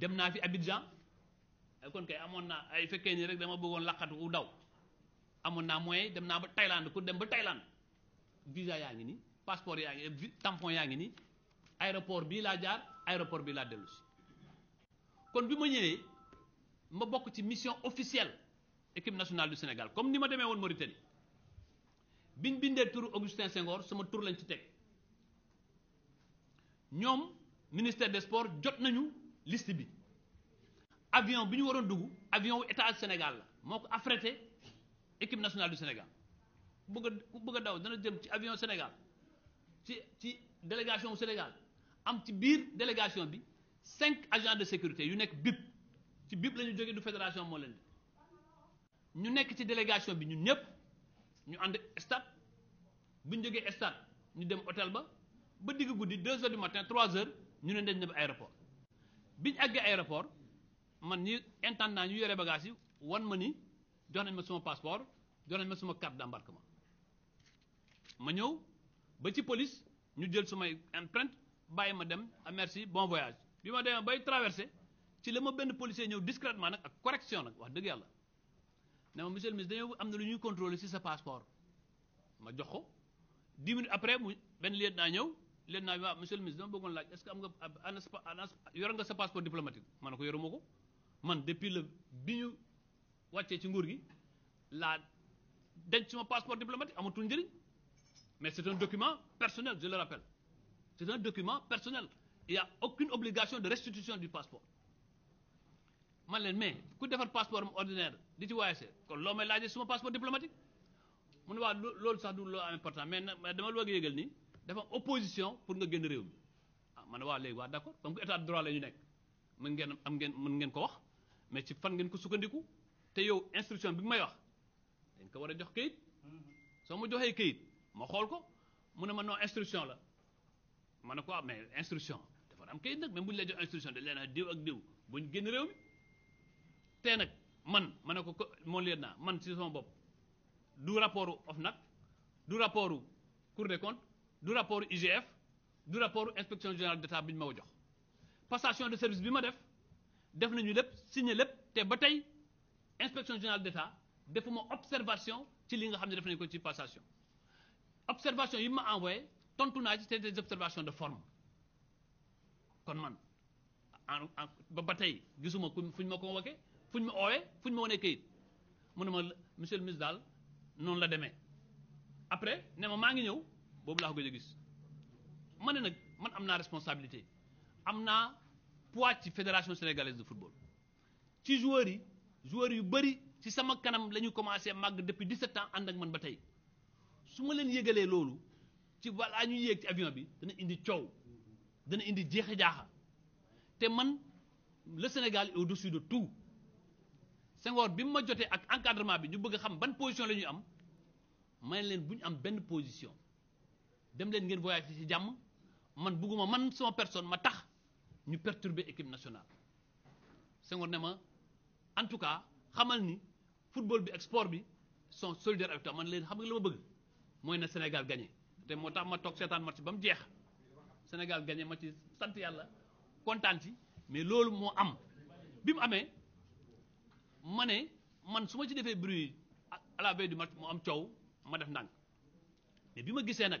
dem fi Abidjan eh, kon kay amoon naa ay fekkee ni rek dama laqatu u daw Thaïlande ku dem Thaïlande visa passeport eh, tampon aéroport aéroport kon mission officielle équipe nationale du Sénégal comme ni Mauritanie biñ Augustin Senghor sama lañ ci ministère des sports jot nañu liste bi avion bi ñu waroon dugg avion wu état Sénégal la moo ko affrété équipe nationale du Sénégal bëgg bëgg daw dana jëm ci avion Sénégal ci ci délégation wu Sénégal am ci biir délégation bi cinq agents de sécurité yu nekk BIP ci BIP lañu ñu du fédération moo leen di ñu nekk ci délégation bi ñun ñëpp ñu ànd stade bu ñu jógee stade ñu dem hôtel ba ba digg guddi deux heures du matin trois heures ñu ne dañ dem aéroport biñu àggee aéroport man ñi intendant ñu yore bagage yi wan ma ni jox nañ ma suma passeport jox nañ ma suma carte d'embarquement ma ñëw ba ci police ñu jël sumay empreinte bàyyi ma dem a ah, merci bon voyage bi ma demee bay traversé ci la ma benn policier ñëw discrètement nag ak correction nag wax dëgg yàlla ne ma monsieur le ministre dañoo am na lu ñuy contrôler ci sa passeport ma jox ko 10 minutes après mu benn lieutenant ñëw monsieur le ministre est-ce que am nga un passeport diplomatique ma ne depuis le bi ñu wàccee ci nguur gi laa passeport diplomatique amatul mais c'est un document personnel je le rappelle c'est un document personnel il n'y a aucune obligation de restitution du passeport man vous mais ku defar passeport am ordinaire di ci vous kon loo may suma passeport diplomatique mu ne waa loolu sax du loo important mais dama la dafa am opposition pour nga génn réew mi ah man waa léegi waa d'accord comme que état de droit la ñu nekk mën ngeen am ngeen mën ngeen ko wax mais ci fan ngeen ko sukkandiku te yow instruction bi nga may wax dañ ko war a jox kayit soo ma joxee kayit ma xool ko mu ne ma non instruction la ma ne ko ah mais instruction dafa am kayit nag même bu ñu la jox instruction de leen a diw ak diw bu génn réew mi te nag man ma ne ko moom leen naa man ci sama bopp du rapport OFNAC du rapport Cour des du rapport IGF du rapport inspection générale d'État biñ passation de service bi ma def def nañu lepp signé te ba inspection générale d'État defuma observation ci li nga de def nañ ko ci passation observation yi ma envoyé tontu tournage, ci c'est des observations de forme kon man en ba ba gisuma fuñ ma convoqué fu fuñ ma oowee ma monsieur le ministre la démé après ne ma ngi boobu laa ko gëj gis ma ne nag man am naa responsabilité am naa poids ci fédération sénégalaise de football ci joueurs yi joueurs yu bëri ci sama kanam lañu ñu commencé màgg depuis 17 ans ànd ak man ba tey su ma leen yéegalee loolu ci balaa ñuy yéeg ci avion bi dana indi coow dana indi jeexa jaaxa te man le Sénégal est au-dessus de tout Senghor bi mu ma jotee ak encadrement bi ñu bëgg a xam ban position la ñuy am may leen bu ñu am benn position. dem leen ngeen voyage ci jàmm man bugguma man sama personne ma tax ñu perturber équipe nationale Senghor ne ma en tout cas xamal ni football bi ak sport bi sont solidaires avec toi man leen xam nga li ma bëgg mooy na Sénégal gagné te moo tax ma toog seetaan match bam jeex Sénégal gagné ma ci sant yàlla kontaan ci mais loolu moo am bi mu amee ma ne man su ma ci defee bruit à la veille du match mu am coow ma def ndànk mais bi ma gisee nag.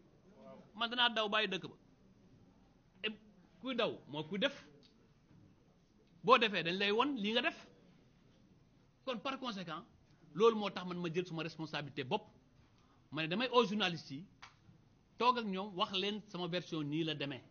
man danaa daw bàyyi dëkk ba e kuy daw moo kuy def boo defee dañ lay won lii nga def kon par conséquent loolu moo tax man ma jël suma responsabilité bopp ma ne damay aux journalistes yi toog ak ñoom wax leen sama version nii la demee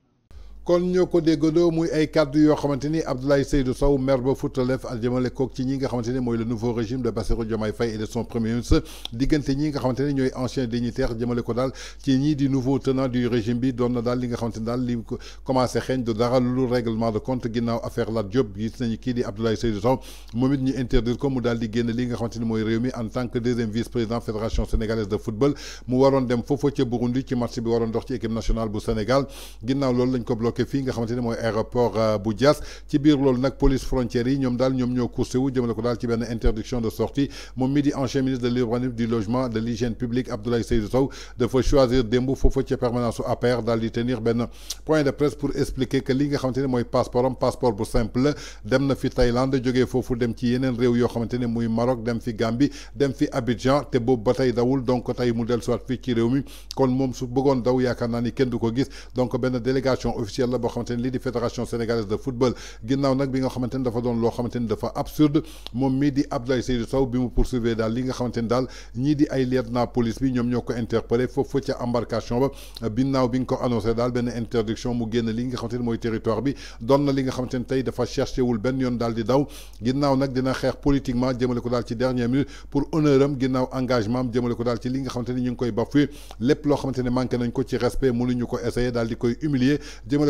kon ñoko ko muy ay cadre yo xamanteni Abdoulaye Seydou Sow maire ba Fouta Lef ak jëmale ci ñi nga xamanteni moy le nouveau régime de Bassirou Diomaye Faye et de son premier ministre diggante ñi nga xamanteni ñoy ancien dignitaire dignitaires le ko dal ci ñi di nouveau tenant du régime bi doon na daal li nga xamanteni dal li commencé xéñ do dara lu règlement de compte ginnaw affaire la job gis nañu ki di Abdoulaye Seydou Sow momit ñi interdire ko mu daal di génn li nga xamanteni moy réew mi en tant que deuxième vice président fédération sénégalaise de football mu waron dem fofu ci Burundi ci match bi waron dox ci équipe nationale bu Sénégal ginnaw loolu lañ ko bloqué fi nga xamanteni moy aéroport euh, bu dias ci bir loolu nak police frontière yi ñom dal ñom ñoo coursé wu jëmale ko dal ci ben interdiction de sortie moom midi ancien ministre de l'urbanisme du logement de l'hygiène publique Abdoulaye Seydou Sow dafa choisir démb foofa ci permanence su APR dal di tenir ben point de presse pour expliquer que li nga xamanteni moy mooy passeport passeport bu simple dem na fi Thaïlande jógee foofu dem ci yenen réew yo xamanteni ne muy Maroc dem fi Gambie dem fi Abidjan té boobu batay dawul donc tay mu soit fi ci réew mi kon mom su bëggon daw yaaka naa ni kenn du ko gis donc ben délégation officielle officielle la boo xamante ne lii di fédération sénégalaise de football ginnaaw nag bi nga xamante ne dafa doon loo xamante ni dafa absurde moom mii di Abdoulaye Seydou saw bi mu poursuivre daal li nga xamante ni daal ñii di ay lieutenant police bi ñoom ñoo ko interpellé foofu ca embarcation ba ginnaaw bi nga ko annoncé daal benn interdiction mu génn li nga xamante ni mooy territoire bi doon na li nga xamante ni tey dafa cherché wul benn yoon daal di daw ginnaaw nag dina xeex politiquement jëmale ko daal ci dernière minute pour honneur am ginnaaw engagement am jëmale ko daal ci li nga xamante ni ñu ngi koy bafoué lépp loo xamante ne manqué nañ ko ci respect mënuñu ko essayer daal di koy humilier jëmale